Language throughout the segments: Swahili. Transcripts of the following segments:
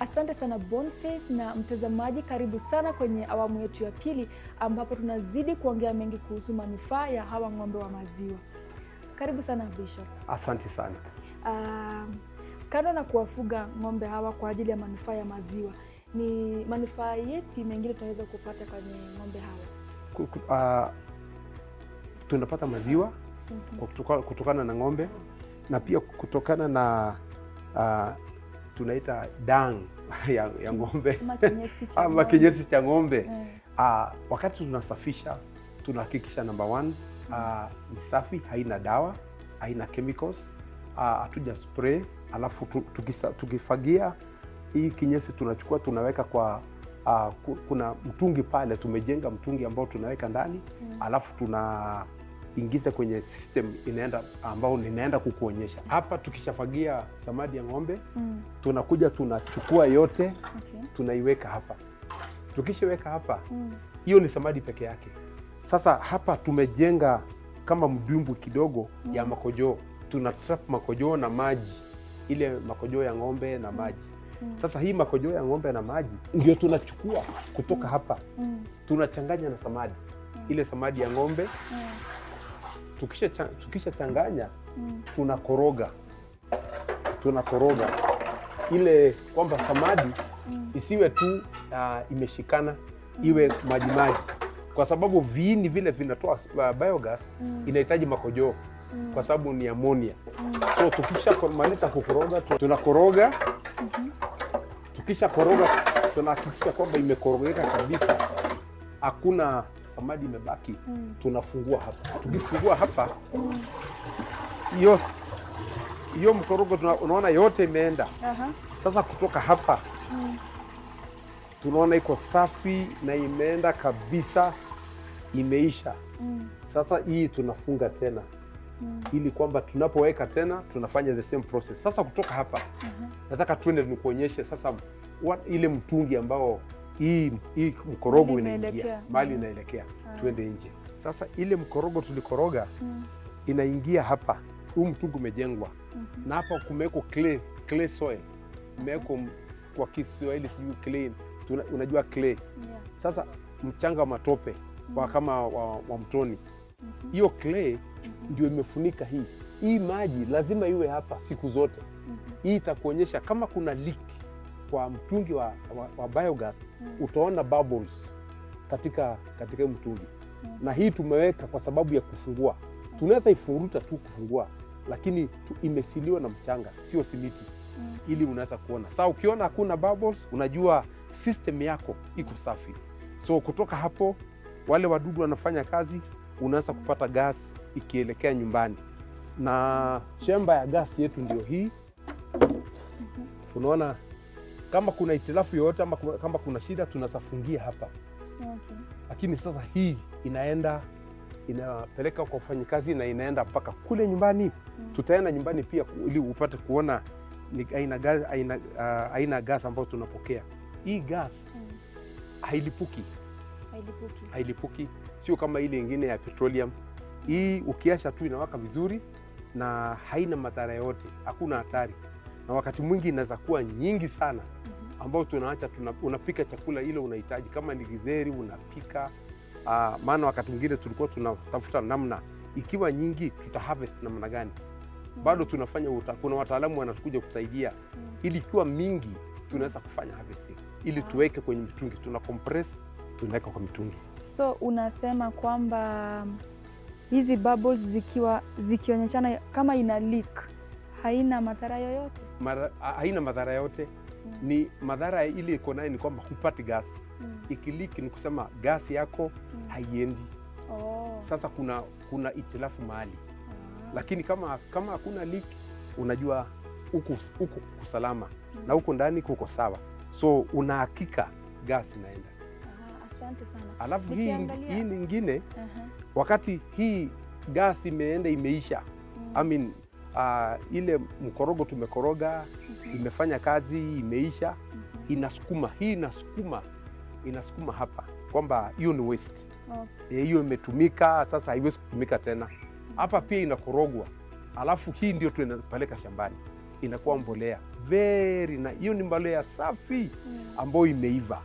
Asante sana Boniface na mtazamaji, karibu sana kwenye awamu yetu ya pili ambapo tunazidi kuongea mengi kuhusu manufaa ya hawa ng'ombe wa maziwa. Karibu sana Bishop. Asante sana. Uh, kando na kuwafuga ng'ombe hawa kwa ajili ya manufaa ya maziwa, ni manufaa yepi mengine tunaweza kupata kwenye ng'ombe hawa? Uh, tunapata maziwa mm -hmm. kutokana na ng'ombe na pia kutokana na uh, tunaita dang ya, ya ng'ombe ama kinyesi cha ng'ombe yeah. Eh. Uh, wakati tunasafisha tunahakikisha number one uh, ni safi, haina dawa, haina chemicals ah, hatuja uh, spray. Alafu tukisa, tukifagia hii kinyesi tunachukua tunaweka kwa uh, kuna mtungi pale, tumejenga mtungi ambao tunaweka ndani mm. alafu tuna ingiza kwenye system inaenda ambao ninaenda kukuonyesha hapa. Tukishafagia samadi ya ng'ombe mm. tunakuja tunachukua yote okay. tunaiweka hapa. Tukishaweka hapa mm. hiyo mm. ni samadi peke yake. Sasa hapa tumejenga kama mdumbu kidogo mm. ya makojoo, tuna trap makojoo na maji, ile makojoo ya ng'ombe na mm. maji mm. Sasa hii makojoo ya ng'ombe na maji ndio tunachukua kutoka mm. hapa mm. tunachanganya na samadi mm. ile samadi ya ng'ombe mm tukishachanganya tukisha mm. tunakoroga tunakoroga ile kwamba samadi mm. isiwe tu uh, imeshikana iwe mm. majimaji, kwa sababu viini vile vinatoa uh, biogas inahitaji makojoo kwa sababu ni amonia mm. so tukishamaliza kukoroga tunakoroga mm-hmm. tukisha koroga tunahakikisha kwamba imekorogeka kabisa, hakuna samadi imebaki mm. tunafungua hapa. Tukifungua hapa hiyo mm. mkorogo unaona yote imeenda uh-huh. Sasa kutoka hapa mm. tunaona iko safi na imeenda kabisa, imeisha mm. Sasa hii tunafunga tena mm. ili kwamba tunapoweka tena tunafanya the same process. Sasa kutoka hapa uh-huh. nataka tuende nikuonyeshe sasa ile mtungi ambao hii hii mkorogo inaingia mali inaelekea mm. ah. tuende nje. Sasa ile mkorogo tulikoroga mm. inaingia hapa, huu mtungi umejengwa mm -hmm. na hapa kumewekwa clay, clay soil imewekwa mhm. kwa Kiswahili sijui clay, unajua clay yeah. Sasa mchanga matope mm -hmm. kama wa, wa mtoni mhm. hiyo mm -hmm. clay mm -hmm. ndio imefunika hii hii maji lazima iwe hapa siku zote mm -hmm. hii itakuonyesha kama kuna leak kwa mtungi wa, wa, wa biogas mm. utaona bubbles katika katika mtungi mm. na hii tumeweka kwa sababu ya kufungua mm. tunaweza ifuruta tu kufungua, lakini tu imesiliwa na mchanga, sio simiti mm. ili unaweza kuona. Saa ukiona hakuna bubbles, unajua system yako iko safi. So kutoka hapo wale wadudu wanafanya kazi, unaweza kupata gas ikielekea nyumbani, na chemba ya gas yetu ndio hii, mm-hmm. unaona kama kuna itilafu yoyote ama kama kuna shida tunatafungia hapa okay. Lakini sasa hii inaenda inapeleka kwa ufanyikazi na inaenda mpaka kule nyumbani mm. Tutaenda nyumbani pia ili upate kuona ni aina gas, aina, uh, aina gas ambayo tunapokea hii gas mm. hailipuki. Hailipuki. Hailipuki, sio kama ile ingine ya petroleum. Hii ukiasha tu inawaka vizuri na haina madhara yote, hakuna hatari na wakati mwingi inaweza kuwa nyingi sana mhm. ambao tunaacha tuna, unapika chakula ile unahitaji kama ni githeri unapika. Uh, maana wakati mwingine tulikuwa tunatafuta namna ikiwa nyingi tuta harvest namna gani? Mhm. Bado tunafanya uta, kuna wataalamu wanakuja kusaidia mhm. ili ikiwa mingi tunaweza kufanya harvesting ili ah. tuweke kwenye mitungi, tuna compress tunaweka kwa mitungi. So unasema kwamba hizi bubbles zikiwa zikionyeshana kama ina leak haina madhara yoyote Mara, haina madhara yote mm. Ni madhara ile iko nayo ni kwamba hupati gasi mm. Ikiliki ni kusema gasi yako mm. haiendi oh. Sasa kuna kuna itilafu mahali ah. Lakini kama kama hakuna liki unajua huko kusalama mm. na huko ndani kuko sawa, so una hakika gasi inaenda. Ah, sana. Alafu hii, ningine nyingine uh -huh. Wakati hii gasi imeenda imeisha mm. I mean, uh, ile mkorogo tumekoroga mm -hmm. imefanya kazi, imeisha mm -hmm. inasukuma hii inasukuma inasukuma hapa kwamba hiyo ni waste eh, hiyo okay. imetumika sasa, haiwezi kutumika tena hapa mm -hmm. pia inakorogwa, alafu hii ndio tunapeleka shambani inakuwa mbolea very na hiyo ni mbolea safi mm. ambayo imeiva.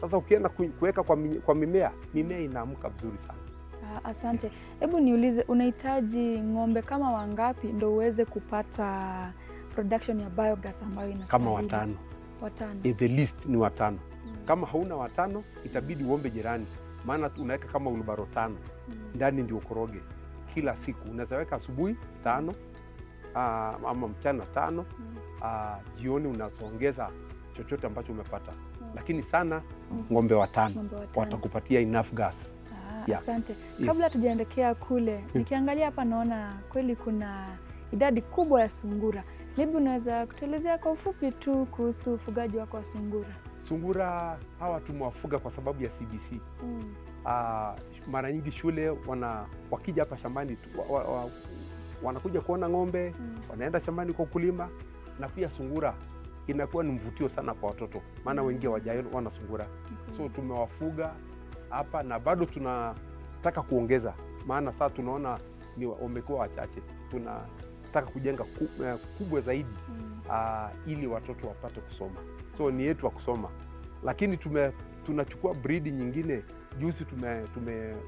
Sasa ukienda kuweka kwa mimea, mimea inaamka vizuri sana. Ah, asante, hebu niulize, unahitaji ng'ombe kama wangapi ndo uweze kupata production ya biogas ambayo inastahili? Kama watano. Watano. At the least ni watano. Mm. Kama hauna watano itabidi uombe jirani, maana unaweka kama ulubaro tano mm. ndani ndio ukoroge kila siku. Unaweza weka asubuhi tano uh, ama mchana tano mm. uh, jioni unasongeza chochote ambacho umepata mm. lakini sana mm. ng'ombe watano, watano watakupatia enough gas yeah. Asante. Kabla tujaendekea kule hmm. nikiangalia hapa naona kweli kuna idadi kubwa ya sungura. Maybe unaweza kutuelezea kwa ufupi tu kuhusu ufugaji wako wa sungura? Sungura hawa tumewafuga kwa sababu ya CBC mm. Uh, ah, mara nyingi shule wana, wakija hapa shambani wa, wa, wa, wanakuja kuona ng'ombe mm. wanaenda shambani kwa ukulima, na pia sungura inakuwa ni mvutio sana kwa watoto, maana hmm. wengi hawajaona sungura mm -hmm. so tumewafuga hapa, na bado tunataka kuongeza, maana saa tunaona ni wamekuwa wachache. Tunataka kujenga eh, kubwa zaidi mm. uh, ili watoto wapate kusoma, so ni yetu wa kusoma, lakini tume, tunachukua bridi nyingine. Juzi tumewaagizia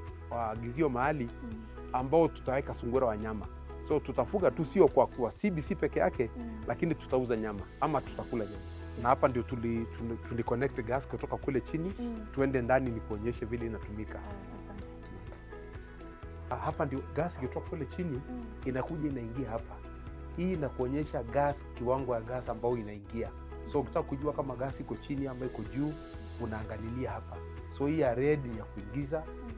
tume, uh, mahali mm. ambao tutaweka sungura wa nyama so tutafuga tu, sio kwa kuwa CBC peke yake mm. lakini tutauza nyama ama tutakula nyama na hapa ndio tuli, tuli, tuli connect gas kutoka kule chini mm. Tuende ndani nikuonyeshe vile inatumika. Uh, hapa ndio gas kutoka kule chini mm. Inakuja inaingia hapa, hii inakuonyesha gas, kiwango ya gas ambayo inaingia. So mm. ukitaka kujua kama gas iko chini ama iko juu, unaangalilia hapa. So hii ya red ya kuingiza, mm.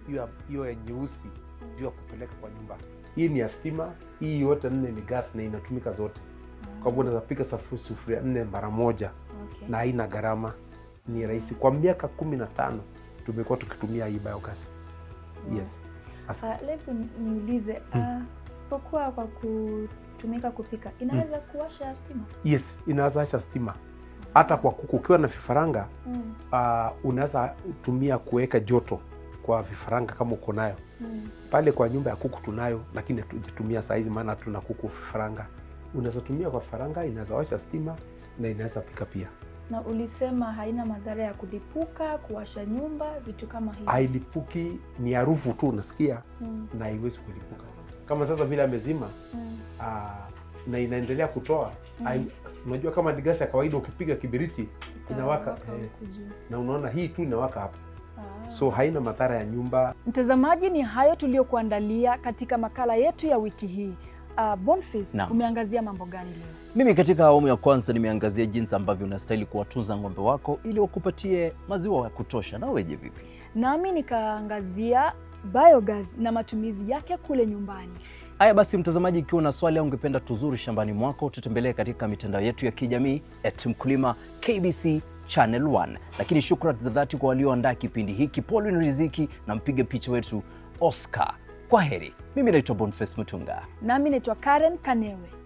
hiyo mm. ya nyeusi mm. ndio ya kupeleka kwa nyumba. Hii ni ya stima, hii yote nne ni gas na inatumika zote, kwa hivyo unaweza pika sufuria nne mara moja okay. na haina gharama, ni rahisi. Kwa miaka kumi na tano tumekuwa tukitumia hii biogas mm. yes. Uh, ah, lebu niulize mm. uh, ah, sipokuwa kwa kutumika kupika inaweza mm. kuwasha stima? Yes, inaweza asha stima hata kwa kuku ukiwa na vifaranga mm. uh, unaweza tumia kuweka joto kwa vifaranga kama uko nayo mm. pale. Kwa nyumba ya kuku tunayo, lakini hatujatumia saa hizi, maana tuna kuku vifaranga. Unaweza tumia kwa vifaranga, inaweza washa stima na inaweza pika pia. Na ulisema haina madhara ya kulipuka, kuwasha nyumba, vitu kama hivyo. Hailipuki, ni harufu tu unasikia mm. na haiwezi kulipuka kama sasa vile amezima mm. Ah, na inaendelea kutoa mm. Unajua, kama ni gasi ya kawaida ukipiga kibiriti inawaka eh, na unaona hii tu inawaka hapo ah. So haina madhara ya nyumba. Mtazamaji, ni hayo tuliyokuandalia katika makala yetu ya wiki hii. Uh, Boniface, umeangazia mambo gani leo? Mimi katika awamu ya kwanza nimeangazia jinsi ambavyo unastahili kuwatunza ng'ombe wako ili wakupatie maziwa ya kutosha. na weje vipi? Nami nikaangazia biogas na matumizi yake kule nyumbani. Haya basi, mtazamaji, ikiwa na swali au ungependa tuzuri shambani mwako, tutembelee katika mitandao yetu ya kijamii at Mkulima KBC Channel 1. Lakini shukrani za dhati kwa walioandaa kipindi hiki, Paulin Riziki na mpiga picha wetu Oscar kwa heri, mimi naitwa Boniface Mutunga nami naitwa Karen Kanewe.